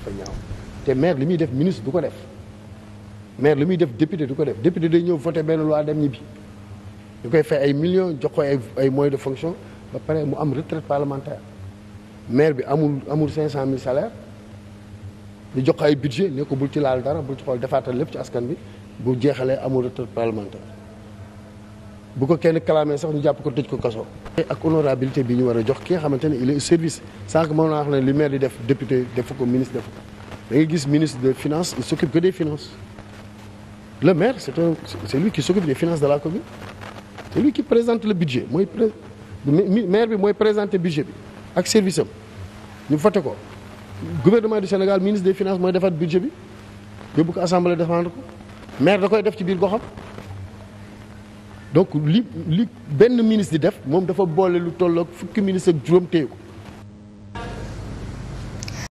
dafa ñaaw te maire li muy def ministre du ko def maire li muy def député du ko def député day ñëw voté benn loi dem ñibbi lu koy fey ay millions jox ko ay ay moyens de fonction ba pare mu am retraite parlementaire maire bi amul amul cinq cent mille salaire ñu jox ko ay budget ne bul ci laal dara bul ci xool defaatal lépp ci askan bi bu jeexalee amul retraite parlementaire bu ko kenn kalaamee sax ñu jàpp ko tëj ko kaso. ak honorabilité bi ñu war a jox ki nga xamante ne il est service sànq moom naa wax ne li maire di def député def ko ministre def ko da gis ministre de finance il s'occupe que des finances le maire c'est un c'est lui qui s'occupe la commune c'est lui le budget mooy pré maire bi mooy présenter budget bi ak service am ñu voté ko gouvernement du Sénégal ministre de finance mooy defar budget bi yóbbu ko assemblée défendre ko maire da koy def ci biir goxam donc li li benn ministre di def moom dafa boole lu tolloog fukki ministre ak juróom téye ko